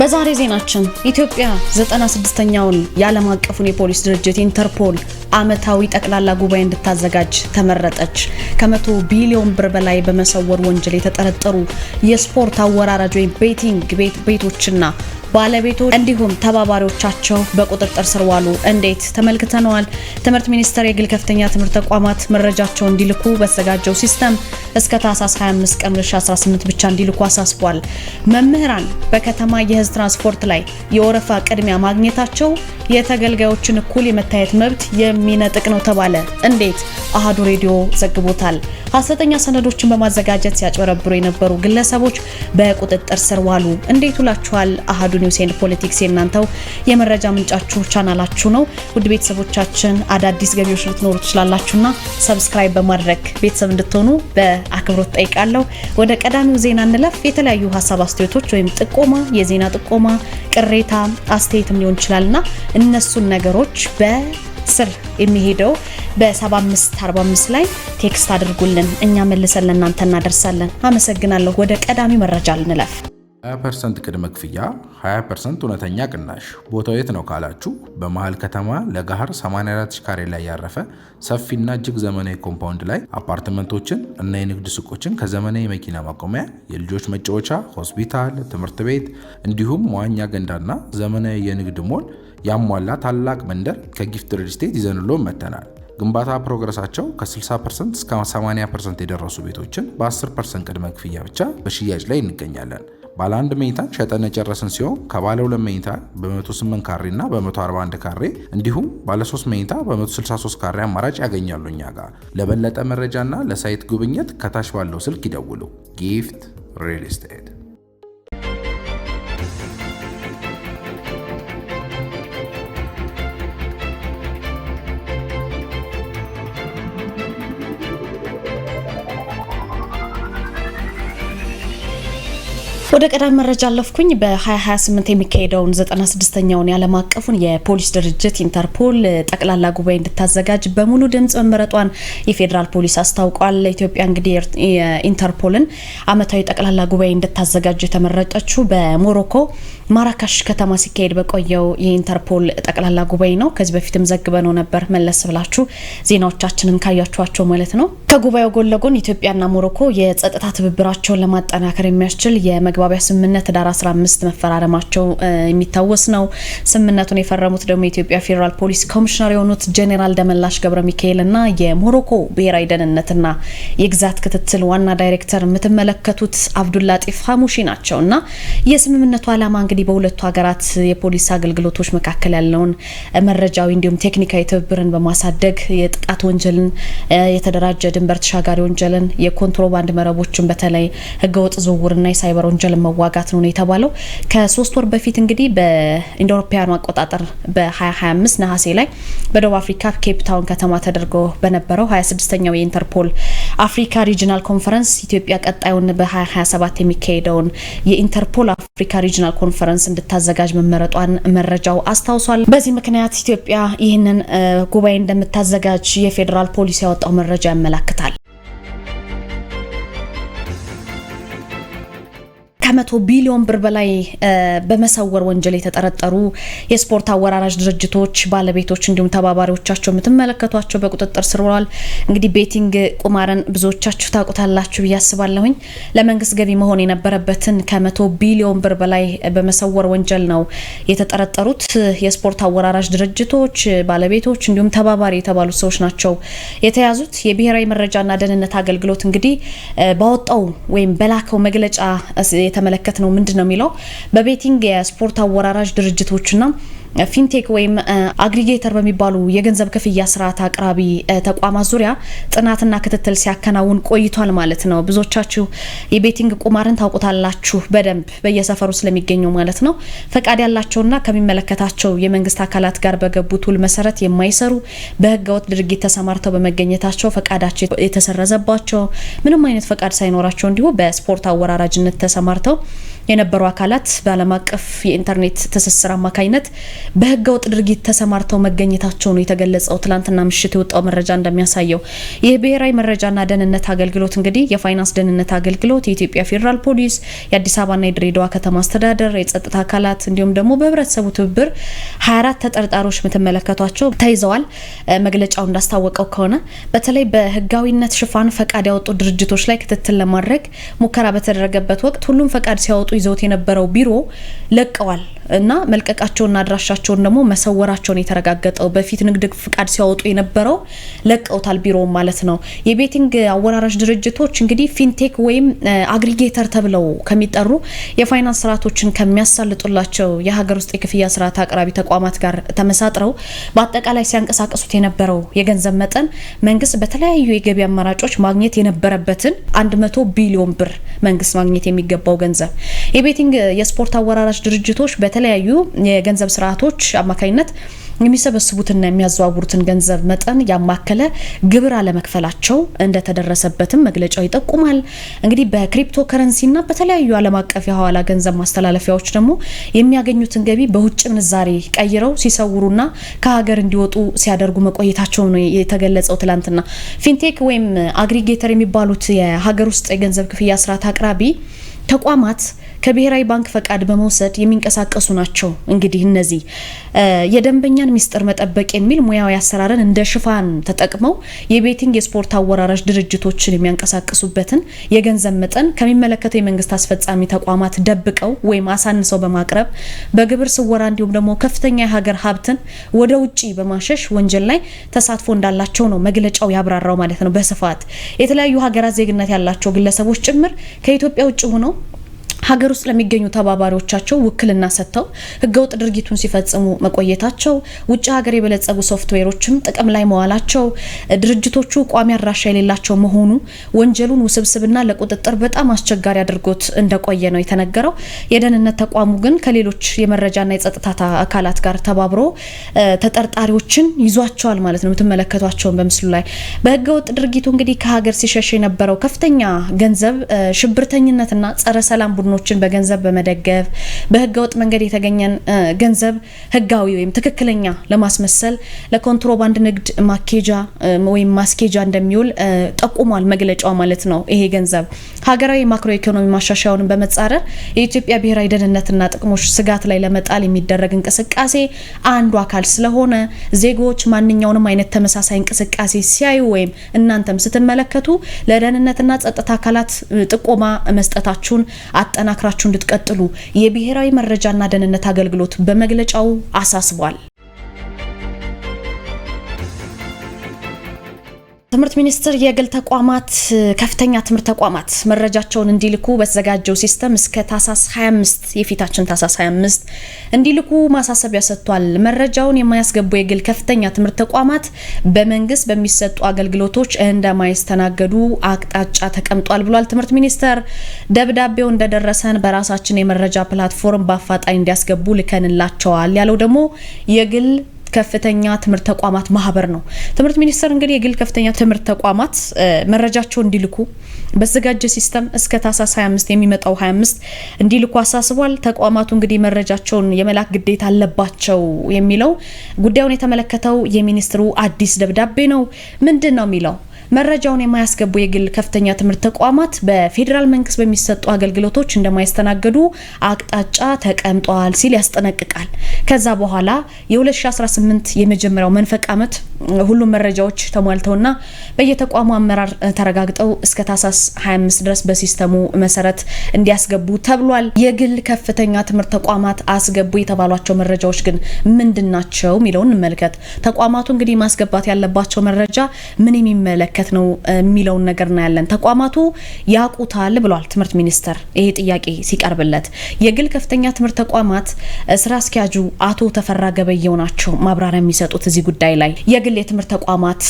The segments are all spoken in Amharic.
በዛሬ ዜናችን ኢትዮጵያ 96ኛውን የዓለም አቀፉን የፖሊስ ድርጅት ኢንተርፖል ዓመታዊ ጠቅላላ ጉባኤ እንድታዘጋጅ ተመረጠች። ከመቶ ቢሊዮን ብር በላይ በመሰወር ወንጀል የተጠረጠሩ የስፖርት አወራራጅ ቤቲንግ ቤቶችና ባለቤቶች እንዲሁም ተባባሪዎቻቸው በቁጥጥር ስር ዋሉ። እንዴት ተመልክተነዋል። ትምህርት ሚኒስቴር የግል ከፍተኛ ትምህርት ተቋማት መረጃቸው እንዲልኩ በተዘጋጀው ሲስተም እስከ ታህሳስ 25 ቀን 2018 ብቻ እንዲልኩ አሳስቧል። መምህራን በከተማ የህዝብ ትራንስፖርት ላይ የወረፋ ቅድሚያ ማግኘታቸው የተገልጋዮችን እኩል የመታየት መብት የሚነጥቅ ነው ተባለ። እንዴት አሃዱ ሬዲዮ ዘግቦታል። ሐሰተኛ ሰነዶችን በማዘጋጀት ሲያጭበረብሩ የነበሩ ግለሰቦች በቁጥጥር ስር ዋሉ። እንዴት ውላችኋል አሃዱ ኒውስ ኤንድ ፖለቲክስ የእናንተው የመረጃ ምንጫችሁ ቻናላችሁ ነው። ውድ ቤተሰቦቻችን አዳዲስ ገቢዎች ልትኖሩ ትችላላችሁና ሰብስክራይብ በማድረግ ቤተሰብ እንድትሆኑ በአክብሮት ጠይቃለሁ። ወደ ቀዳሚው ዜና እንለፍ። የተለያዩ ሀሳብ አስተያየቶች ወይም ጥቆማ፣ የዜና ጥቆማ፣ ቅሬታ፣ አስተያየትም ሊሆን ይችላልና እነሱን ነገሮች በ ስር የሚሄደው በ7545 ላይ ቴክስት አድርጉልን። እኛ መልሰን ለእናንተ እናደርሳለን። አመሰግናለሁ። ወደ ቀዳሚ መረጃ ልንለፍ። 20% ቅድመ ክፍያ 20% እውነተኛ ቅናሽ። ቦታው የት ነው ካላችሁ በመሀል ከተማ ለጋህር 84 ካሬ ላይ ያረፈ ሰፊና እጅግ ዘመናዊ ኮምፓውንድ ላይ አፓርትመንቶችን እና የንግድ ሱቆችን ከዘመናዊ መኪና ማቆሚያ፣ የልጆች መጫወቻ፣ ሆስፒታል፣ ትምህርት ቤት እንዲሁም መዋኛ ገንዳና ዘመናዊ የንግድ ሞል ያሟላ ታላቅ መንደር ከጊፍት ሪል ስቴት ይዘንሎ መተናል። ግንባታ ፕሮግረሳቸው ከ60% እስከ 80% የደረሱ ቤቶችን በ10% ቅድመ ክፍያ ብቻ በሽያጭ ላይ እንገኛለን። ባለ አንድ መኝታን ሸጠን የጨረስን ሲሆን ከባለ ሁለት መኝታ በ108 ካሬ እና በ141 ካሬ እንዲሁም ባለ 3 መኝታ በ163 ካሬ አማራጭ ያገኛሉ እኛ ጋር። ለበለጠ መረጃና ለሳይት ጉብኝት ከታች ባለው ስልክ ይደውሉ። ጊፍት ሪል ስቴት ወደ ቀዳሚ መረጃ አለፍኩኝ። በ2028 የሚካሄደውን 96ኛውን የዓለም አቀፉን የፖሊስ ድርጅት ኢንተርፖል ጠቅላላ ጉባኤ እንድታዘጋጅ በሙሉ ድምፅ መመረጧን የፌዴራል ፖሊስ አስታውቋል። ኢትዮጵያ እንግዲህ ኢንተርፖልን ዓመታዊ ጠቅላላ ጉባኤ እንድታዘጋጅ የተመረጠችው በሞሮኮ ማራካሽ ከተማ ሲካሄድ በቆየው የኢንተርፖል ጠቅላላ ጉባኤ ነው። ከዚህ በፊትም ዘግበነው ነበር። መለስ ብላችሁ ዜናዎቻችንን ካያችኋቸው ማለት ነው። ከጉባኤው ጎን ለጎን ኢትዮጵያና ሞሮኮ የጸጥታ ትብብራቸውን ለማጠናከር የሚያስችል የመግባቢያ የመግባቢያ ስምምነት ህዳር 15 መፈራረማቸው የሚታወስ ነው። ስምምነቱን የፈረሙት ደግሞ የኢትዮጵያ ፌዴራል ፖሊስ ኮሚሽነር የሆኑት ጄኔራል ደመላሽ ገብረ ሚካኤል እና የሞሮኮ ብሔራዊ ደህንነትና የግዛት ክትትል ዋና ዳይሬክተር የምትመለከቱት አብዱላጢፍ ሀሙሺ ናቸው እና የስምምነቱ ዓላማ እንግዲህ በሁለቱ ሀገራት የፖሊስ አገልግሎቶች መካከል ያለውን መረጃዊ እንዲሁም ቴክኒካዊ ትብብርን በማሳደግ የጥቃት ወንጀልን፣ የተደራጀ ድንበር ተሻጋሪ ወንጀልን፣ የኮንትሮባንድ መረቦችን በተለይ ህገወጥ ዝውውርና የሳይበር ወንጀል መዋጋት ነው የተባለው። ከሶስት ወር በፊት እንግዲህ በኢንዶ አውሮፓውያኑ አቆጣጠር በ2025 ነሐሴ ላይ በደቡብ አፍሪካ ኬፕታውን ከተማ ተደርጎ በነበረው 26ኛው የኢንተርፖል አፍሪካ ሪጂናል ኮንፈረንስ ኢትዮጵያ ቀጣዩን በ2027 የሚካሄደውን የኢንተርፖል አፍሪካ ሪጂናል ኮንፈረንስ እንድታዘጋጅ መመረጧን መረጃው አስታውሷል። በዚህ ምክንያት ኢትዮጵያ ይህንን ጉባኤ እንደምታዘጋጅ የፌዴራል ፖሊስ ያወጣው መረጃ ያመላክታል። ከመቶ ቢሊዮን ብር በላይ በመሰወር ወንጀል የተጠረጠሩ የስፖርት አወራራጅ ድርጅቶች ባለቤቶች እንዲሁም ተባባሪዎቻቸው የምትመለከቷቸው በቁጥጥር ስር ውለዋል። እንግዲህ ቤቲንግ ቁማርን ብዙዎቻችሁ ታውቁታላችሁ ብዬ አስባለሁኝ። ለመንግስት ገቢ መሆን የነበረበትን ከመቶ ቢሊዮን ብር በላይ በመሰወር ወንጀል ነው የተጠረጠሩት። የስፖርት አወራራጅ ድርጅቶች ባለቤቶች እንዲሁም ተባባሪ የተባሉት ሰዎች ናቸው የተያዙት። የብሔራዊ መረጃና ደህንነት አገልግሎት እንግዲህ ባወጣው ወይም በላከው መግለጫ የተመለከት ነው ምንድን ነው የሚለው በቤቲንግ የስፖርት አወራራጅ ድርጅቶችና ፊንቴክ ወይም አግሪጌተር በሚባሉ የገንዘብ ክፍያ ስርዓት አቅራቢ ተቋማት ዙሪያ ጥናትና ክትትል ሲያከናውን ቆይቷል ማለት ነው። ብዙዎቻችሁ የቤቲንግ ቁማርን ታውቁታላችሁ በደንብ በየሰፈሩ ስለሚገኘው ማለት ነው። ፈቃድ ያላቸውና ከሚመለከታቸው የመንግስት አካላት ጋር በገቡት ውል መሰረት የማይሰሩ በህገወጥ ድርጊት ተሰማርተው በመገኘታቸው ፈቃዳቸው የተሰረዘባቸው ምንም አይነት ፈቃድ ሳይኖራቸው እንዲሁ በስፖርት አወራራጅነት ተሰማርተው የነበሩ አካላት በዓለም አቀፍ የኢንተርኔት ትስስር አማካኝነት በህገወጥ ድርጊት ተሰማርተው መገኘታቸው ነው የተገለጸው። ትላንትና ምሽት የወጣው መረጃ እንደሚያሳየው ይህ ብሔራዊ መረጃና ደህንነት አገልግሎት እንግዲህ የፋይናንስ ደህንነት አገልግሎት፣ የኢትዮጵያ ፌዴራል ፖሊስ፣ የአዲስ አበባና የድሬዳዋ ከተማ አስተዳደር፣ የጸጥታ አካላት እንዲሁም ደግሞ በህብረተሰቡ ትብብር 24 ተጠርጣሪዎች የምትመለከቷቸው ተይዘዋል። መግለጫው እንዳስታወቀው ከሆነ በተለይ በህጋዊነት ሽፋን ፈቃድ ያወጡ ድርጅቶች ላይ ክትትል ለማድረግ ሙከራ በተደረገበት ወቅት ሁሉም ፈቃድ ሲያወጡ ይዘውት የነበረው ቢሮ ለቀዋል እና መልቀቃቸውና አድራሻቸውን ደግሞ መሰወራቸውን የተረጋገጠው በፊት ንግድ ፍቃድ ሲያወጡ የነበረው ለቀውታል ቢሮውን ማለት ነው። የቤቲንግ አወራራሽ ድርጅቶች እንግዲህ ፊንቴክ ወይም አግሪጌተር ተብለው ከሚጠሩ የፋይናንስ ስርዓቶችን ከሚያሳልጡላቸው የሀገር ውስጥ የክፍያ ስርዓት አቅራቢ ተቋማት ጋር ተመሳጥረው በአጠቃላይ ሲያንቀሳቀሱት የነበረው የገንዘብ መጠን መንግስት በተለያዩ የገቢ አማራጮች ማግኘት የነበረበትን 100 ቢሊዮን ብር መንግስት ማግኘት የሚገባው ገንዘብ የቤቲንግ የስፖርት አወራራሽ ድርጅቶች በተለያዩ የገንዘብ ስርዓቶች አማካኝነት የሚሰበስቡትና የሚያዘዋውሩትን ገንዘብ መጠን ያማከለ ግብር አለመክፈላቸው እንደተደረሰበትም መግለጫው ይጠቁማል። እንግዲህ በክሪፕቶ ከረንሲና በተለያዩ ዓለም አቀፍ የሐዋላ ገንዘብ ማስተላለፊያዎች ደግሞ የሚያገኙትን ገቢ በውጭ ምንዛሬ ቀይረው ሲሰውሩና ከሀገር እንዲወጡ ሲያደርጉ መቆየታቸው ነው የተገለጸው። ትላንትና ፊንቴክ ወይም አግሪጌተር የሚባሉት የሀገር ውስጥ የገንዘብ ክፍያ ስርዓት አቅራቢ ተቋማት ከብሔራዊ ባንክ ፈቃድ በመውሰድ የሚንቀሳቀሱ ናቸው። እንግዲህ እነዚህ የደንበኛን ሚስጥር መጠበቅ የሚል ሙያዊ አሰራርን እንደ ሽፋን ተጠቅመው የቤቲንግ የስፖርት አወራራሽ ድርጅቶችን የሚያንቀሳቅሱበትን የገንዘብ መጠን ከሚመለከተው የመንግስት አስፈጻሚ ተቋማት ደብቀው ወይም አሳንሰው በማቅረብ በግብር ስወራ እንዲሁም ደግሞ ከፍተኛ የሀገር ሀብትን ወደ ውጭ በማሸሽ ወንጀል ላይ ተሳትፎ እንዳላቸው ነው መግለጫው ያብራራው ማለት ነው። በስፋት የተለያዩ ሀገራት ዜግነት ያላቸው ግለሰቦች ጭምር ከኢትዮጵያ ውጭ ሆነው ሀገር ውስጥ ለሚገኙ ተባባሪዎቻቸው ውክልና ሰጥተው ህገወጥ ድርጊቱን ሲፈጽሙ መቆየታቸው፣ ውጭ ሀገር የበለጸጉ ሶፍትዌሮችም ጥቅም ላይ መዋላቸው፣ ድርጅቶቹ ቋሚ አድራሻ የሌላቸው መሆኑ ወንጀሉን ውስብስብና ለቁጥጥር በጣም አስቸጋሪ አድርጎት እንደቆየ ነው የተነገረው። የደህንነት ተቋሙ ግን ከሌሎች የመረጃና የጸጥታ አካላት ጋር ተባብሮ ተጠርጣሪዎችን ይዟቸዋል ማለት ነው። የምትመለከቷቸውን በምስሉ ላይ በህገወጥ ድርጊቱ እንግዲህ ከሀገር ሲሸሽ የነበረው ከፍተኛ ገንዘብ ሽብርተኝነትና ጸረ ሰላም ቡድኖ ቡድኖችን በገንዘብ በመደገፍ በህገወጥ መንገድ የተገኘን ገንዘብ ህጋዊ ወይም ትክክለኛ ለማስመሰል ለኮንትሮባንድ ንግድ ማኬጃ ወይም ማስኬጃ እንደሚውል ጠቁሟል መግለጫው ማለት ነው። ይሄ ገንዘብ ሀገራዊ ማክሮ ኢኮኖሚ ማሻሻያውን በመጻረር የኢትዮጵያ ብሔራዊ ደህንነትና ጥቅሞች ስጋት ላይ ለመጣል የሚደረግ እንቅስቃሴ አንዱ አካል ስለሆነ ዜጎች ማንኛውንም አይነት ተመሳሳይ እንቅስቃሴ ሲያዩ ወይም እናንተም ስትመለከቱ ለደህንነትና ጸጥታ አካላት ጥቆማ መስጠታችሁን አጠ አጠናክራችሁ እንድትቀጥሉ የብሔራዊ መረጃና ደህንነት አገልግሎት በመግለጫው አሳስቧል። ትምህርት ሚኒስቴር የግል ተቋማት ከፍተኛ ትምህርት ተቋማት መረጃቸውን እንዲልኩ በተዘጋጀው ሲስተም እስከ ታህሳስ 25 የፊታችን ታህሳስ 25 እንዲልኩ ማሳሰቢያ ሰጥቷል። መረጃውን የማያስገቡ የግል ከፍተኛ ትምህርት ተቋማት በመንግስት በሚሰጡ አገልግሎቶች እንደማይስተናገዱ አቅጣጫ ተቀምጧል ብሏል። ትምህርት ሚኒስቴር ደብዳቤው እንደደረሰን በራሳችን የመረጃ ፕላትፎርም በአፋጣኝ እንዲያስገቡ ልከንላቸዋል ያለው ደግሞ የግል ከፍተኛ ትምህርት ተቋማት ማህበር ነው። ትምህርት ሚኒስቴር እንግዲህ የግል ከፍተኛ ትምህርት ተቋማት መረጃቸው እንዲልኩ በዘጋጀ ሲስተም እስከ ታህሳስ 25 የሚመጣው 25 እንዲልኩ አሳስቧል። ተቋማቱ እንግዲህ መረጃቸውን የመላክ ግዴታ አለባቸው የሚለው ጉዳዩን የተመለከተው የሚኒስትሩ አዲስ ደብዳቤ ነው። ምንድን ነው የሚለው መረጃውን የማያስገቡ የግል ከፍተኛ ትምህርት ተቋማት በፌዴራል መንግስት በሚሰጡ አገልግሎቶች እንደማይስተናገዱ አቅጣጫ ተቀምጧል ሲል ያስጠነቅቃል። ከዛ በኋላ የ2018 የመጀመሪያው መንፈቅ ዓመት ሁሉም መረጃዎች ተሟልተውና በየተቋሙ አመራር ተረጋግጠው እስከ ታህሳስ 25 ድረስ በሲስተሙ መሰረት እንዲያስገቡ ተብሏል። የግል ከፍተኛ ትምህርት ተቋማት አስገቡ የተባሏቸው መረጃዎች ግን ምንድን ናቸው የሚለውን እንመልከት። ተቋማቱ እንግዲህ ማስገባት ያለባቸው መረጃ ምን የሚመለከት የሚመለከት ነው የሚለውን ነገር እናያለን። ተቋማቱ ያውቁታል ብሏል ትምህርት ሚኒስቴር ይሄ ጥያቄ ሲቀርብለት። የግል ከፍተኛ ትምህርት ተቋማት ስራ አስኪያጁ አቶ ተፈራ ገበየው ናቸው ማብራሪያ የሚሰጡት እዚህ ጉዳይ ላይ። የግል የትምህርት ተቋማት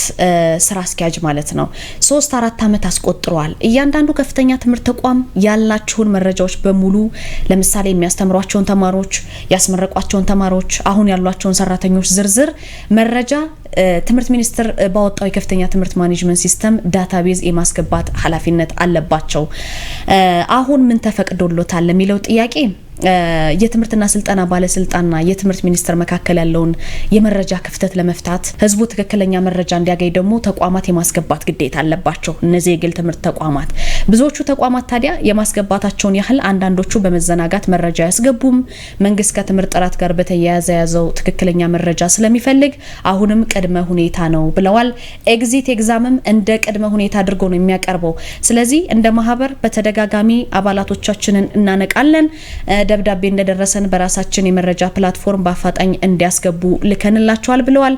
ስራ አስኪያጅ ማለት ነው። ሶስት አራት ዓመት አስቆጥረዋል። እያንዳንዱ ከፍተኛ ትምህርት ተቋም ያላችሁን መረጃዎች በሙሉ ለምሳሌ የሚያስተምሯቸውን ተማሪዎች፣ ያስመረቋቸውን ተማሪዎች፣ አሁን ያሏቸውን ሰራተኞች ዝርዝር መረጃ ትምህርት ሚኒስቴር ባወጣው የከፍተኛ ትምህርት ማኔጅመንት የእነሱን ሲስተም ዳታቤዝ የማስገባት ኃላፊነት አለባቸው። አሁን ምን ተፈቅዶሎታል ለሚለው ጥያቄ የትምህርትና ስልጠና ባለስልጣንና የትምህርት ሚኒስቴር መካከል ያለውን የመረጃ ክፍተት ለመፍታት ህዝቡ ትክክለኛ መረጃ እንዲያገኝ ደግሞ ተቋማት የማስገባት ግዴታ አለባቸው። እነዚህ የግል ትምህርት ተቋማት ብዙዎቹ ተቋማት ታዲያ የማስገባታቸውን ያህል አንዳንዶቹ በመዘናጋት መረጃ አያስገቡም። መንግስት ከትምህርት ጥራት ጋር በተያያዘ የያዘው ትክክለኛ መረጃ ስለሚፈልግ አሁንም ቅድመ ሁኔታ ነው ብለዋል። ኤግዚት ኤግዛምም እንደ ቅድመ ሁኔታ አድርጎ ነው የሚያቀርበው። ስለዚህ እንደ ማህበር በተደጋጋሚ አባላቶቻችንን እናነቃለን። ደብዳቤ እንደደረሰን በራሳችን የመረጃ ፕላትፎርም በአፋጣኝ እንዲያስገቡ ልከንላቸዋል ብለዋል።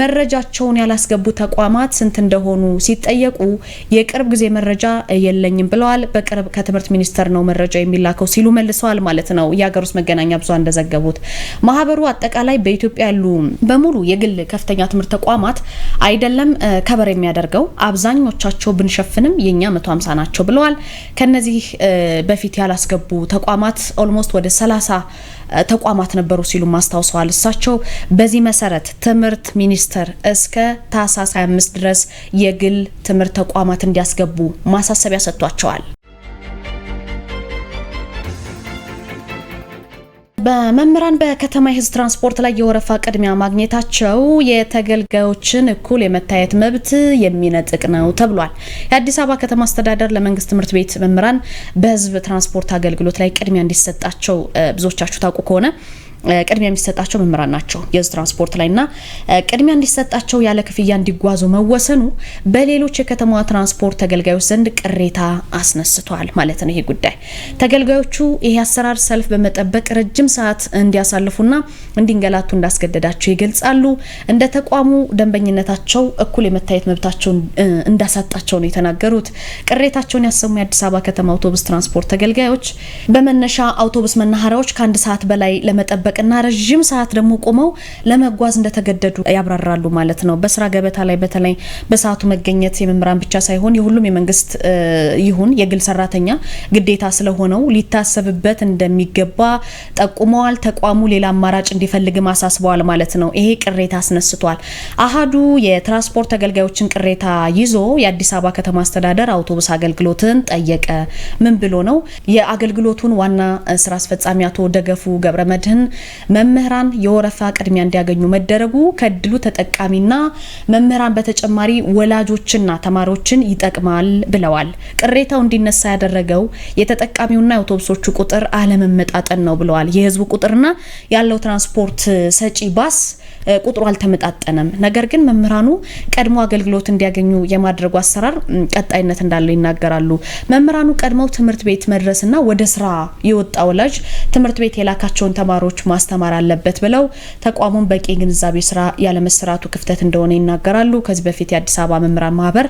መረጃቸውን ያላስገቡ ተቋማት ስንት እንደሆኑ ሲጠየቁ የቅርብ ጊዜ መረጃ የለኝም ብለዋል። በቅርብ ከትምህርት ሚኒስቴር ነው መረጃ የሚላከው ሲሉ መልሰዋል ማለት ነው። የሀገር ውስጥ መገናኛ ብዙሃን እንደዘገቡት ማህበሩ አጠቃላይ በኢትዮጵያ ያሉ በሙሉ የግል ከፍተኛ ትምህርት ተቋማት አይደለም ከበር የሚያደርገው አብዛኞቻቸው ብንሸፍንም የእኛ መቶ ናቸው ብለዋል። ከነዚህ በፊት ያላስገቡ ተቋማት ኦልሞስት 15 ወደ 30 ተቋማት ነበሩ ሲሉ ማስታውሰዋል። እሳቸው በዚህ መሰረት ትምህርት ሚኒስቴር እስከ ታህሳስ 25 ድረስ የግል ትምህርት ተቋማት እንዲያስገቡ ማሳሰቢያ ሰጥቷቸዋል። በመምህራን በከተማ የህዝብ ትራንስፖርት ላይ የወረፋ ቅድሚያ ማግኘታቸው የተገልጋዮችን እኩል የመታየት መብት የሚነጥቅ ነው ተብሏል። የአዲስ አበባ ከተማ አስተዳደር ለመንግስት ትምህርት ቤት መምህራን በህዝብ ትራንስፖርት አገልግሎት ላይ ቅድሚያ እንዲሰጣቸው ብዙዎቻችሁ ታውቁ ከሆነ ቅድሚያ የሚሰጣቸው መምህራን ናቸው። የህዝብ ትራንስፖርት ላይና ቅድሚያ እንዲሰጣቸው ያለ ክፍያ እንዲጓዙ መወሰኑ በሌሎች የከተማ ትራንስፖርት ተገልጋዮች ዘንድ ቅሬታ አስነስቷል ማለት ነው። ይሄ ጉዳይ ተገልጋዮቹ ይሄ አሰራር ሰልፍ በመጠበቅ ረጅም ሰዓት እንዲያሳልፉና እንዲንገላቱ እንዳስገደዳቸው ይገልጻሉ። እንደ ተቋሙ ደንበኝነታቸው እኩል የመታየት መብታቸውን እንዳሳጣቸው ነው የተናገሩት። ቅሬታቸውን ያሰሙ የአዲስ አበባ ከተማ አውቶቡስ ትራንስፖርት ተገልጋዮች በመነሻ አውቶቡስ መናኸሪያዎች ከአንድ ሰዓት በላይ ለመጠበቅ ለመጠበቅና ረዥም ሰዓት ደግሞ ቆመው ለመጓዝ እንደተገደዱ ያብራራሉ ማለት ነው። በስራ ገበታ ላይ በተለይ በሰዓቱ መገኘት የመምህራን ብቻ ሳይሆን የሁሉም የመንግስት ይሁን የግል ሰራተኛ ግዴታ ስለሆነው ሊታሰብበት እንደሚገባ ጠቁመዋል። ተቋሙ ሌላ አማራጭ እንዲፈልግም አሳስበዋል ማለት ነው። ይሄ ቅሬታ አስነስቷል። አሃዱ የትራንስፖርት አገልጋዮችን ቅሬታ ይዞ የአዲስ አበባ ከተማ አስተዳደር አውቶቡስ አገልግሎትን ጠየቀ። ምን ብሎ ነው? የአገልግሎቱን ዋና ስራ አስፈጻሚ አቶ ደገፉ ገብረመድህን መምህራን የወረፋ ቅድሚያ እንዲያገኙ መደረጉ ከእድሉ ተጠቃሚና መምህራን በተጨማሪ ወላጆችና ተማሪዎችን ይጠቅማል ብለዋል። ቅሬታው እንዲነሳ ያደረገው የተጠቃሚውና የአውቶቡሶቹ ቁጥር አለመመጣጠን ነው ብለዋል። የህዝቡ ቁጥርና ያለው ትራንስፖርት ሰጪ ባስ ቁጥሩ አልተመጣጠነም። ነገር ግን መምህራኑ ቀድሞ አገልግሎት እንዲያገኙ የማድረጉ አሰራር ቀጣይነት እንዳለው ይናገራሉ። መምህራኑ ቀድመው ትምህርት ቤት መድረስና ወደ ስራ የወጣ ወላጅ ትምህርት ቤት የላካቸውን ተማሪዎች ማስተማር አለበት ብለው ተቋሙን በቂ ግንዛቤ ስራ ያለመሰራቱ ክፍተት እንደሆነ ይናገራሉ። ከዚህ በፊት የአዲስ አበባ መምህራን ማህበር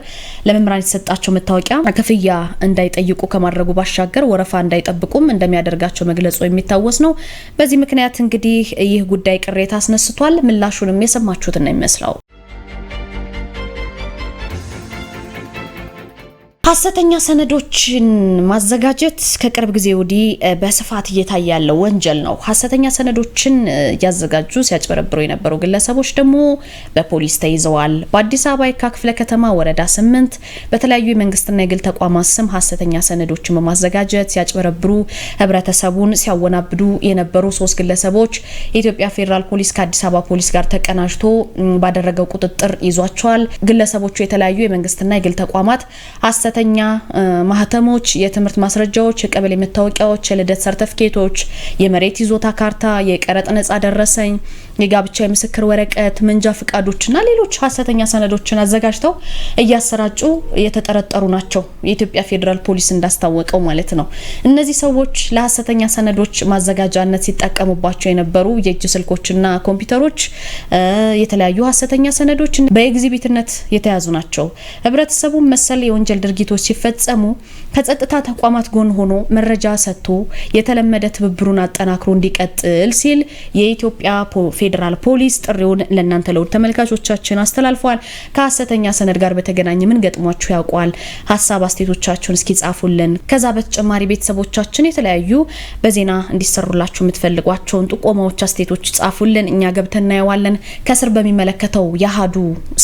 ለመምህራን የተሰጣቸው መታወቂያ ክፍያ እንዳይጠይቁ ከማድረጉ ባሻገር ወረፋ እንዳይጠብቁም እንደሚያደርጋቸው መግለጹ የሚታወስ ነው። በዚህ ምክንያት እንግዲህ ይህ ጉዳይ ቅሬታ አስነስቷል። ምላሹንም የሰማችሁትን ነው የሚመስለው። ሐሰተኛ ሰነዶችን ማዘጋጀት ከቅርብ ጊዜ ወዲህ በስፋት እየታየ ያለው ወንጀል ነው። ሐሰተኛ ሰነዶችን እያዘጋጁ ሲያጭበረብሩ የነበሩ ግለሰቦች ደግሞ በፖሊስ ተይዘዋል። በአዲስ አበባ የካ ክፍለ ከተማ ወረዳ ስምንት በተለያዩ የመንግስትና የግል ተቋማት ስም ሐሰተኛ ሰነዶችን በማዘጋጀት ሲያጭበረብሩ ህብረተሰቡን ሲያወናብዱ የነበሩ ሶስት ግለሰቦች የኢትዮጵያ ፌዴራል ፖሊስ ከአዲስ አበባ ፖሊስ ጋር ተቀናጅቶ ባደረገው ቁጥጥር ይዟቸዋል። ግለሰቦቹ የተለያዩ የመንግስትና የግል ተቋማት ቀጥተኛ ማህተሞች፣ የትምህርት ማስረጃዎች፣ የቀበሌ መታወቂያዎች፣ የልደት ሰርተፍኬቶች፣ የመሬት ይዞታ ካርታ፣ የቀረጥ ነጻ ደረሰኝ የጋብቻ የምስክር ወረቀት፣ መንጃ ፍቃዶችና ሌሎች ሀሰተኛ ሰነዶችን አዘጋጅተው እያሰራጩ የተጠረጠሩ ናቸው። የኢትዮጵያ ፌዴራል ፖሊስ እንዳስታወቀው ማለት ነው። እነዚህ ሰዎች ለሀሰተኛ ሰነዶች ማዘጋጃነት ሲጠቀሙባቸው የነበሩ የእጅ ስልኮችና ኮምፒውተሮች፣ የተለያዩ ሀሰተኛ ሰነዶች በኤግዚቢትነት የተያዙ ናቸው። ህብረተሰቡ መሰል የወንጀል ድርጊቶች ሲፈጸሙ ከጸጥታ ተቋማት ጎን ሆኖ መረጃ ሰጥቶ የተለመደ ትብብሩን አጠናክሮ እንዲቀጥል ሲል የኢትዮጵያ ፌዴራል ፖሊስ ጥሪውን ለእናንተ ለውድ ተመልካቾቻችን አስተላልፏል። ከሀሰተኛ ሰነድ ጋር በተገናኘ ምን ገጥሟችሁ ያውቋል? ሀሳብ አስተያየቶቻችሁን እስኪ ጻፉልን። ከዛ በተጨማሪ ቤተሰቦቻችን የተለያዩ በዜና እንዲሰሩላችሁ የምትፈልጓቸውን ጥቆማዎች፣ አስተያየቶች ጻፉልን። እኛ ገብተን እናየዋለን። ከስር በሚመለከተው የአሀዱ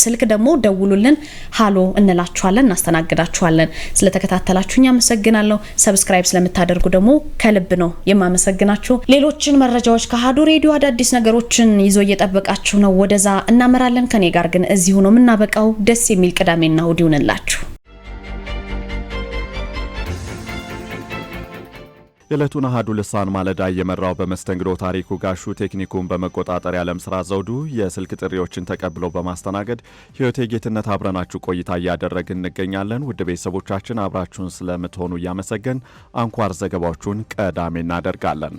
ስልክ ደግሞ ደውሉልን። ሀሎ እንላችኋለን፣ እናስተናግዳችኋለን። ስለተከታተላችሁ እኛ አመሰግናለሁ። ሰብስክራይብ ስለምታደርጉ ደግሞ ከልብ ነው የማመሰግናችሁ። ሌሎችን መረጃዎች ከአሀዱ ሬዲዮ አዳዲስ ነገሮችን ይዞ እየጠበቃችሁ ነው። ወደዛ እናመራለን። ከኔ ጋር ግን እዚሁ ነው የምናበቃው። ደስ የሚል ቅዳሜና እሁድ ይሁንላችሁ። የዕለቱን አህዱ ልሳን ማለዳ እየመራው በመስተንግዶ ታሪኩ ጋሹ፣ ቴክኒኩን በመቆጣጠር ያለም ስራ ዘውዱ፣ የስልክ ጥሪዎችን ተቀብሎ በማስተናገድ ህይወቴ ጌትነት አብረናችሁ ቆይታ እያደረግን እንገኛለን። ውድ ቤተሰቦቻችን አብራችሁን ስለምትሆኑ እያመሰገን አንኳር ዘገባዎቹን ቀዳሜ እናደርጋለን።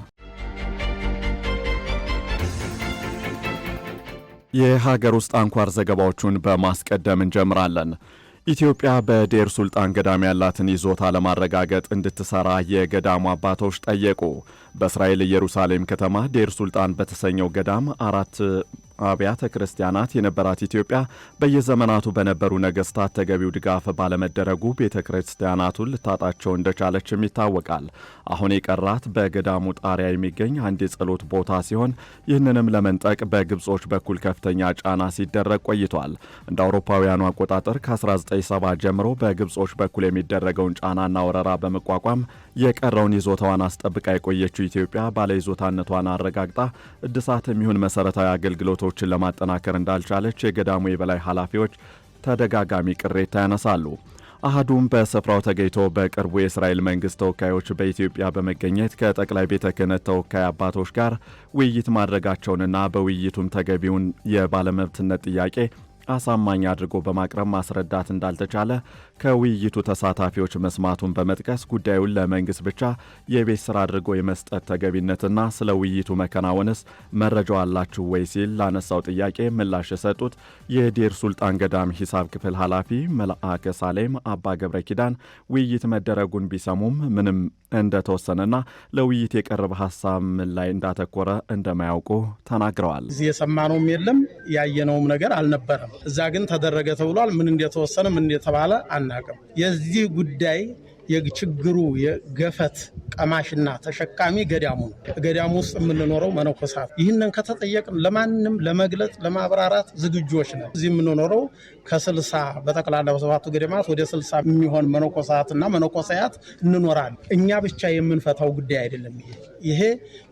የሀገር ውስጥ አንኳር ዘገባዎቹን በማስቀደም እንጀምራለን። ኢትዮጵያ በዴር ሱልጣን ገዳም ያላትን ይዞታ ለማረጋገጥ እንድትሰራ የገዳሙ አባቶች ጠየቁ። በእስራኤል ኢየሩሳሌም ከተማ ዴር ሱልጣን በተሰኘው ገዳም አራት አብያተ ክርስቲያናት የነበራት ኢትዮጵያ በየዘመናቱ በነበሩ ነገስታት ተገቢው ድጋፍ ባለመደረጉ ቤተ ክርስቲያናቱን ልታጣቸው እንደቻለችም ይታወቃል። አሁን የቀራት በገዳሙ ጣሪያ የሚገኝ አንድ የጸሎት ቦታ ሲሆን ይህንንም ለመንጠቅ በግብጾች በኩል ከፍተኛ ጫና ሲደረግ ቆይቷል። እንደ አውሮፓውያኑ አቆጣጠር ከ1970 ጀምሮ በግብጾች በኩል የሚደረገውን ጫናና ወረራ በመቋቋም የቀረውን ይዞታዋን አስጠብቃ የቆየችው ኢትዮጵያ ባለይዞታነቷን አረጋግጣ እድሳት የሚሆን መሰረታዊ አገልግሎቶችን ለማጠናከር እንዳልቻለች የገዳሙ የበላይ ኃላፊዎች ተደጋጋሚ ቅሬታ ያነሳሉ። አህዱም በስፍራው ተገኝቶ በቅርቡ የእስራኤል መንግስት ተወካዮች በኢትዮጵያ በመገኘት ከጠቅላይ ቤተ ክህነት ተወካይ አባቶች ጋር ውይይት ማድረጋቸውንና በውይይቱም ተገቢውን የባለመብትነት ጥያቄ አሳማኝ አድርጎ በማቅረብ ማስረዳት እንዳልተቻለ ከውይይቱ ተሳታፊዎች መስማቱን በመጥቀስ ጉዳዩን ለመንግስት ብቻ የቤት ስራ አድርጎ የመስጠት ተገቢነትና ስለ ውይይቱ መከናወንስ መረጃው አላችሁ ወይ ሲል ላነሳው ጥያቄ ምላሽ የሰጡት የዴር ሱልጣን ገዳም ሂሳብ ክፍል ኃላፊ መልአከ ሳሌም አባ ገብረ ኪዳን ውይይት መደረጉን ቢሰሙም ምንም እንደተወሰነና ለውይይት የቀረበ ሀሳብ ምን ላይ እንዳተኮረ እንደማያውቁ ተናግረዋል። እዚህ የሰማነውም የለም ያየነውም ነገር አልነበረም። እዛ ግን ተደረገ ተብሏል። ምን እንደተወሰነ ምን እንደተባለ አናቅም። የዚህ ጉዳይ የችግሩ የገፈት ቀማሽና ተሸካሚ ገዳሙ ነው። ገዳሙ ውስጥ የምንኖረው መነኮሳት። ይህንን ከተጠየቅን ለማንም ለመግለጽ ለማብራራት ዝግጆች ነን። እዚህ የምንኖረው ከስልሳ በጠቅላላ በሰባቱ ገደማት ወደ ስልሳ የሚሆን እና መነኮሳያት እንኖራለን። እኛ ብቻ የምንፈታው ጉዳይ አይደለም። ይሄ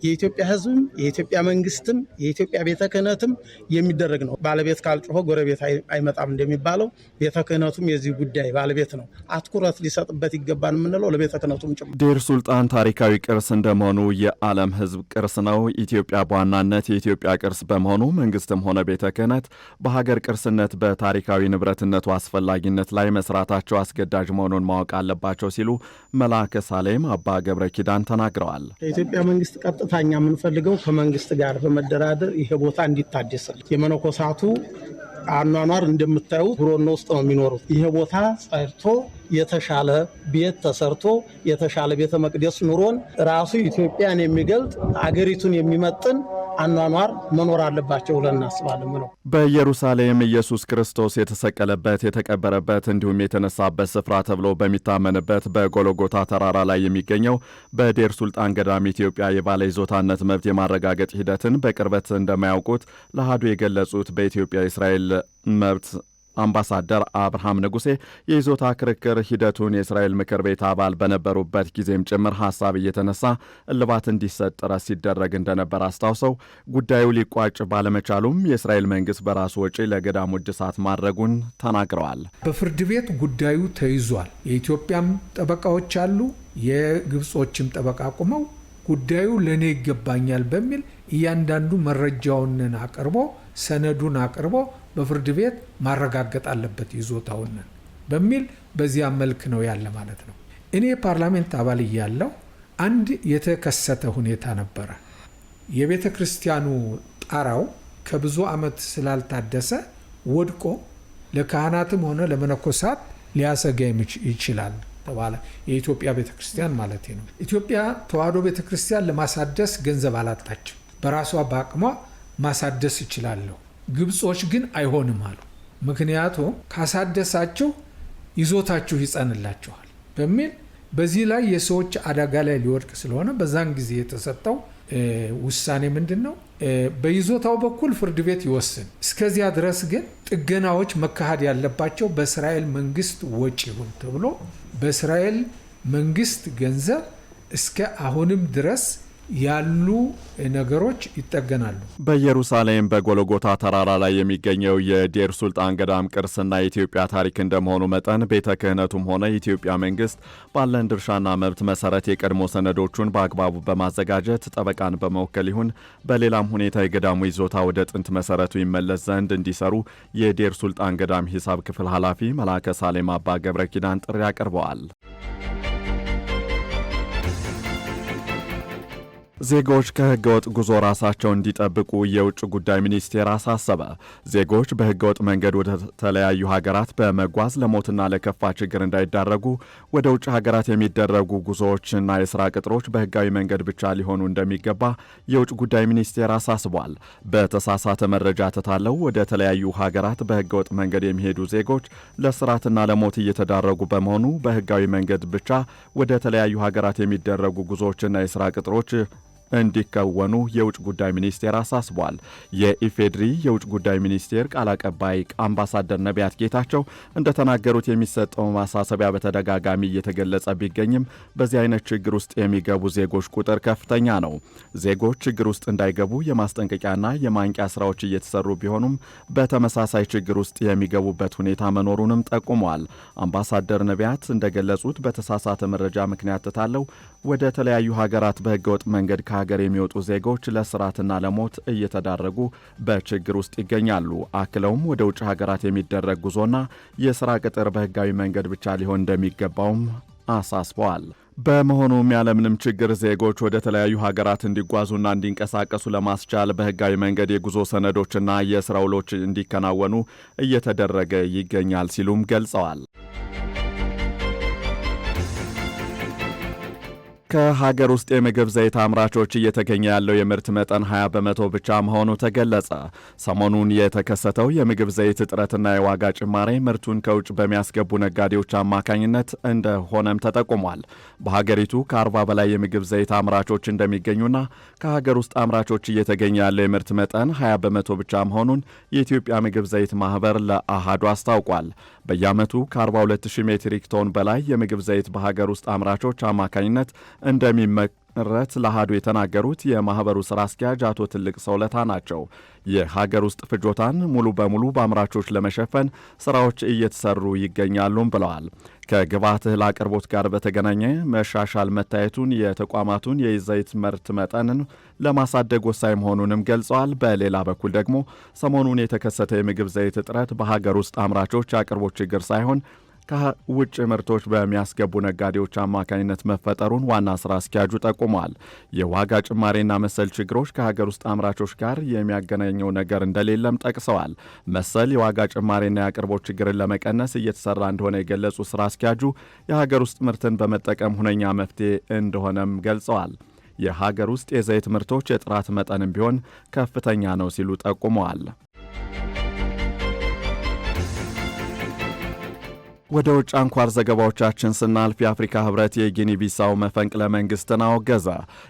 የኢትዮጵያ ሕዝብም የኢትዮጵያ መንግስትም የኢትዮጵያ ቤተ ክህነትም የሚደረግ ነው። ባለቤት ካልጮኸ ጎረቤት አይመጣም እንደሚባለው ቤተ ክህነቱም የዚህ ጉዳይ ባለቤት ነው። አትኩረት ሊሰጥበት ይገባል የምንለው ለቤተ ክህነቱም ጭምር። ዴር ሱልጣን ታሪካዊ ቅርስ እንደመሆኑ የዓለም ሕዝብ ቅርስ ነው። ኢትዮጵያ በዋናነት የኢትዮጵያ ቅርስ በመሆኑ መንግስትም ሆነ ቤተ ክህነት በሀገር ቅርስነት በታሪካዊ በብሔራዊ ንብረትነቱ አስፈላጊነት ላይ መስራታቸው አስገዳጅ መሆኑን ማወቅ አለባቸው ሲሉ መላከ ሳሌም አባ ገብረ ኪዳን ተናግረዋል። ከኢትዮጵያ መንግስት ቀጥታኛ የምንፈልገው ከመንግስት ጋር በመደራደር ይሄ ቦታ እንዲታደስል የመነኮሳቱ አኗኗር እንደምታዩት ብሮና ውስጥ ነው የሚኖሩት። ይሄ ቦታ ጸድቶ የተሻለ ቤት ተሰርቶ የተሻለ ቤተ መቅደስ ኑሮን ራሱ ኢትዮጵያን የሚገልጥ አገሪቱን የሚመጥን አኗኗር መኖር አለባቸው ብለን እናስባለን። ነው በኢየሩሳሌም ኢየሱስ ክርስቶስ የተሰቀለበት የተቀበረበት፣ እንዲሁም የተነሳበት ስፍራ ተብሎ በሚታመንበት በጎሎጎታ ተራራ ላይ የሚገኘው በዴር ሱልጣን ገዳም ኢትዮጵያ የባለ ይዞታነት መብት የማረጋገጥ ሂደትን በቅርበት እንደማያውቁት ለአሃዱ የገለጹት በኢትዮጵያ እስራኤል መብት አምባሳደር አብርሃም ንጉሴ የይዞታ ክርክር ሂደቱን የእስራኤል ምክር ቤት አባል በነበሩበት ጊዜም ጭምር ሀሳብ እየተነሳ እልባት እንዲሰጥ ጥረት ሲደረግ እንደነበር አስታውሰው ጉዳዩ ሊቋጭ ባለመቻሉም የእስራኤል መንግስት በራሱ ወጪ ለገዳሙ እድሳት ማድረጉን ተናግረዋል። በፍርድ ቤት ጉዳዩ ተይዟል። የኢትዮጵያም ጠበቃዎች አሉ፣ የግብጾችም ጠበቃ ቁመው ጉዳዩ ለእኔ ይገባኛል በሚል እያንዳንዱ መረጃውን አቅርቦ ሰነዱን አቅርቦ በፍርድ ቤት ማረጋገጥ አለበት ይዞታውን በሚል በዚያ መልክ ነው ያለ ማለት ነው። እኔ ፓርላሜንት አባል እያለው አንድ የተከሰተ ሁኔታ ነበረ። የቤተ ክርስቲያኑ ጣራው ከብዙ ዓመት ስላልታደሰ ወድቆ ለካህናትም ሆነ ለመነኮሳት ሊያሰጋ ይችላል ተባለ። የኢትዮጵያ ቤተ ክርስቲያን ማለት ነው። ኢትዮጵያ ተዋህዶ ቤተ ክርስቲያን ለማሳደስ ገንዘብ አላጣችም። በራሷ በአቅሟ ማሳደስ እችላለሁ ግብጾች ግን አይሆንም አሉ። ምክንያቱም ካሳደሳችሁ ይዞታችሁ ይጸንላችኋል በሚል በዚህ ላይ የሰዎች አደጋ ላይ ሊወድቅ ስለሆነ በዛን ጊዜ የተሰጠው ውሳኔ ምንድን ነው? በይዞታው በኩል ፍርድ ቤት ይወስን፣ እስከዚያ ድረስ ግን ጥገናዎች መካሄድ ያለባቸው በእስራኤል መንግስት ወጪ ይሁን ተብሎ በእስራኤል መንግስት ገንዘብ እስከ አሁንም ድረስ ያሉ ነገሮች ይጠገናሉ። በኢየሩሳሌም በጎልጎታ ተራራ ላይ የሚገኘው የዴር ሱልጣን ገዳም ቅርስና የኢትዮጵያ ታሪክ እንደመሆኑ መጠን ቤተ ክህነቱም ሆነ የኢትዮጵያ መንግስት ባለን ድርሻና መብት መሰረት የቀድሞ ሰነዶቹን በአግባቡ በማዘጋጀት ጠበቃን በመወከል ይሁን በሌላም ሁኔታ የገዳሙ ይዞታ ወደ ጥንት መሰረቱ ይመለስ ዘንድ እንዲሰሩ የዴር ሱልጣን ገዳም ሂሳብ ክፍል ኃላፊ መላከ ሳሌም አባ ገብረ ኪዳን ጥሪ አቅርበዋል። ዜጎች ከህገወጥ ጉዞ ራሳቸው እንዲጠብቁ የውጭ ጉዳይ ሚኒስቴር አሳሰበ። ዜጎች በህገወጥ መንገድ ወደ ተለያዩ ሀገራት በመጓዝ ለሞትና ለከፋ ችግር እንዳይዳረጉ ወደ ውጭ ሀገራት የሚደረጉ ጉዞዎችና የስራ ቅጥሮች በህጋዊ መንገድ ብቻ ሊሆኑ እንደሚገባ የውጭ ጉዳይ ሚኒስቴር አሳስቧል። በተሳሳተ መረጃ ተታለው ወደ ተለያዩ ሀገራት በህገወጥ መንገድ የሚሄዱ ዜጎች ለስራትና ለሞት እየተዳረጉ በመሆኑ በህጋዊ መንገድ ብቻ ወደ ተለያዩ ሀገራት የሚደረጉ ጉዞዎችና የስራ ቅጥሮች እንዲከወኑ የውጭ ጉዳይ ሚኒስቴር አሳስቧል። የኢፌድሪ የውጭ ጉዳይ ሚኒስቴር ቃል አቀባይ አምባሳደር ነቢያት ጌታቸው እንደተናገሩት የሚሰጠው ማሳሰቢያ በተደጋጋሚ እየተገለጸ ቢገኝም በዚህ አይነት ችግር ውስጥ የሚገቡ ዜጎች ቁጥር ከፍተኛ ነው። ዜጎች ችግር ውስጥ እንዳይገቡ የማስጠንቀቂያና የማንቂያ ስራዎች እየተሰሩ ቢሆኑም በተመሳሳይ ችግር ውስጥ የሚገቡበት ሁኔታ መኖሩንም ጠቁመዋል። አምባሳደር ነቢያት እንደገለጹት በተሳሳተ መረጃ ምክንያት ትታለው ወደ ተለያዩ ሀገራት በህገወጥ መንገድ ሀገር የሚወጡ ዜጎች ለስራትና ለሞት እየተዳረጉ በችግር ውስጥ ይገኛሉ። አክለውም ወደ ውጭ ሀገራት የሚደረግ ጉዞና የስራ ቅጥር በህጋዊ መንገድ ብቻ ሊሆን እንደሚገባውም አሳስበዋል። በመሆኑም ያለምንም ችግር ዜጎች ወደ ተለያዩ ሀገራት እንዲጓዙና እንዲንቀሳቀሱ ለማስቻል በህጋዊ መንገድ የጉዞ ሰነዶችና የስራ ውሎች እንዲከናወኑ እየተደረገ ይገኛል ሲሉም ገልጸዋል። ከሀገር ውስጥ የምግብ ዘይት አምራቾች እየተገኘ ያለው የምርት መጠን 20 በመቶ ብቻ መሆኑ ተገለጸ። ሰሞኑን የተከሰተው የምግብ ዘይት እጥረትና የዋጋ ጭማሬ ምርቱን ከውጭ በሚያስገቡ ነጋዴዎች አማካኝነት እንደሆነም ተጠቁሟል። በሀገሪቱ ከ40 በላይ የምግብ ዘይት አምራቾች እንደሚገኙና ከሀገር ውስጥ አምራቾች እየተገኘ ያለው የምርት መጠን 20 በመቶ ብቻ መሆኑን የኢትዮጵያ ምግብ ዘይት ማህበር ለአሃዱ አስታውቋል። በየዓመቱ ከ42000 ሜትሪክ ቶን በላይ የምግብ ዘይት በሀገር ውስጥ አምራቾች አማካኝነት እንደሚመረት ለአሃዱ የተናገሩት የማህበሩ ስራ አስኪያጅ አቶ ትልቅ ሰውለታ ናቸው። የሀገር ውስጥ ፍጆታን ሙሉ በሙሉ በአምራቾች ለመሸፈን ስራዎች እየተሰሩ ይገኛሉም ብለዋል። ከግብዓት እህል አቅርቦት ጋር በተገናኘ መሻሻል መታየቱን የተቋማቱን የዘይት ምርት መጠንን ለማሳደግ ወሳኝ መሆኑንም ገልጸዋል። በሌላ በኩል ደግሞ ሰሞኑን የተከሰተ የምግብ ዘይት እጥረት በሀገር ውስጥ አምራቾች አቅርቦት ችግር ሳይሆን ከውጭ ምርቶች በሚያስገቡ ነጋዴዎች አማካኝነት መፈጠሩን ዋና ስራ አስኪያጁ ጠቁመዋል። የዋጋ ጭማሬና መሰል ችግሮች ከሀገር ውስጥ አምራቾች ጋር የሚያገናኘው ነገር እንደሌለም ጠቅሰዋል። መሰል የዋጋ ጭማሬና የአቅርቦት ችግርን ለመቀነስ እየተሰራ እንደሆነ የገለጹ ስራ አስኪያጁ የሀገር ውስጥ ምርትን በመጠቀም ሁነኛ መፍትሄ እንደሆነም ገልጸዋል። የሀገር ውስጥ የዘይት ምርቶች የጥራት መጠንም ቢሆን ከፍተኛ ነው ሲሉ ጠቁመዋል። ወደ ውጭ አንኳር ዘገባዎቻችን ስናልፍ የአፍሪካ ህብረት የጊኒ ቢሳው መፈንቅለ መንግስትን አወገዘ።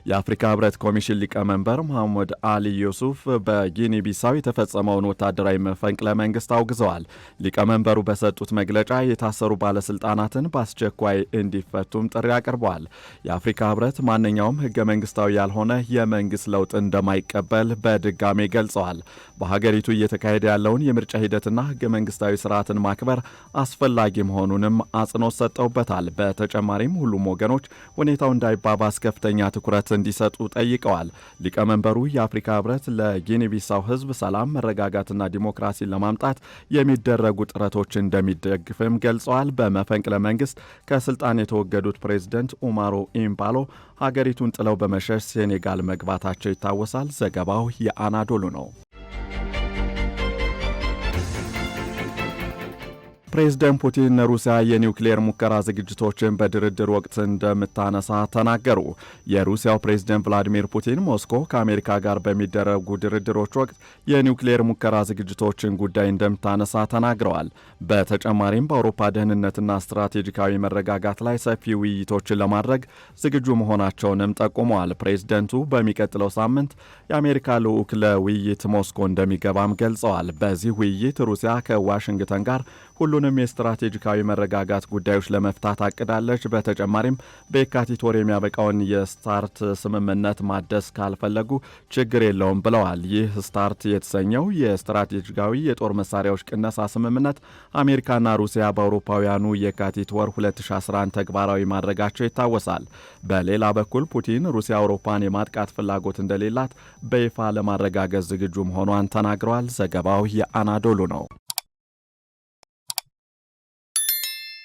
የአፍሪካ ህብረት ኮሚሽን ሊቀመንበር መሐመድ አሊ ዩሱፍ በጊኒ ቢሳው የተፈጸመውን ወታደራዊ መፈንቅለ መንግስት አውግዘዋል። ሊቀመንበሩ በሰጡት መግለጫ የታሰሩ ባለስልጣናትን በአስቸኳይ እንዲፈቱም ጥሪ አቅርበዋል። የአፍሪካ ህብረት ማንኛውም ህገ መንግስታዊ ያልሆነ የመንግስት ለውጥ እንደማይቀበል በድጋሜ ገልጸዋል። በሀገሪቱ እየተካሄደ ያለውን የምርጫ ሂደትና ህገ መንግስታዊ ስርዓትን ማክበር አስፈላጊ መሆኑንም አጽንኦት ሰጠውበታል። በተጨማሪም ሁሉም ወገኖች ሁኔታው እንዳይባባስ ከፍተኛ ትኩረት እንዲሰጡ ጠይቀዋል። ሊቀመንበሩ የአፍሪካ ህብረት ለጊኒ ቢሳው ህዝብ ሰላም፣ መረጋጋትና ዲሞክራሲን ለማምጣት የሚደረጉ ጥረቶች እንደሚደግፍም ገልጸዋል። በመፈንቅለ መንግስት ከስልጣን የተወገዱት ፕሬዝደንት ኡማሮ ኢምባሎ ሀገሪቱን ጥለው በመሸሽ ሴኔጋል መግባታቸው ይታወሳል። ዘገባው የአናዶሉ ነው። ፕሬዝደንት ፑቲን ሩሲያ የኒውክሌር ሙከራ ዝግጅቶችን በድርድር ወቅት እንደምታነሳ ተናገሩ። የሩሲያው ፕሬዝደንት ቭላዲሚር ፑቲን ሞስኮ ከአሜሪካ ጋር በሚደረጉ ድርድሮች ወቅት የኒውክሌር ሙከራ ዝግጅቶችን ጉዳይ እንደምታነሳ ተናግረዋል። በተጨማሪም በአውሮፓ ደህንነትና ስትራቴጂካዊ መረጋጋት ላይ ሰፊ ውይይቶችን ለማድረግ ዝግጁ መሆናቸውንም ጠቁመዋል። ፕሬዚደንቱ በሚቀጥለው ሳምንት የአሜሪካ ልዑክ ለውይይት ሞስኮ እንደሚገባም ገልጸዋል። በዚህ ውይይት ሩሲያ ከዋሽንግተን ጋር ሁሉንም የስትራቴጂካዊ መረጋጋት ጉዳዮች ለመፍታት አቅዳለች። በተጨማሪም በየካቲት ወር የሚያበቃውን የስታርት ስምምነት ማደስ ካልፈለጉ ችግር የለውም ብለዋል። ይህ ስታርት የተሰኘው የስትራቴጂካዊ የጦር መሳሪያዎች ቅነሳ ስምምነት አሜሪካና ሩሲያ በአውሮፓውያኑ የካቲት ወር 2011 ተግባራዊ ማድረጋቸው ይታወሳል። በሌላ በኩል ፑቲን ሩሲያ አውሮፓን የማጥቃት ፍላጎት እንደሌላት በይፋ ለማረጋገጥ ዝግጁ መሆኗን ተናግረዋል። ዘገባው የአናዶሉ ነው።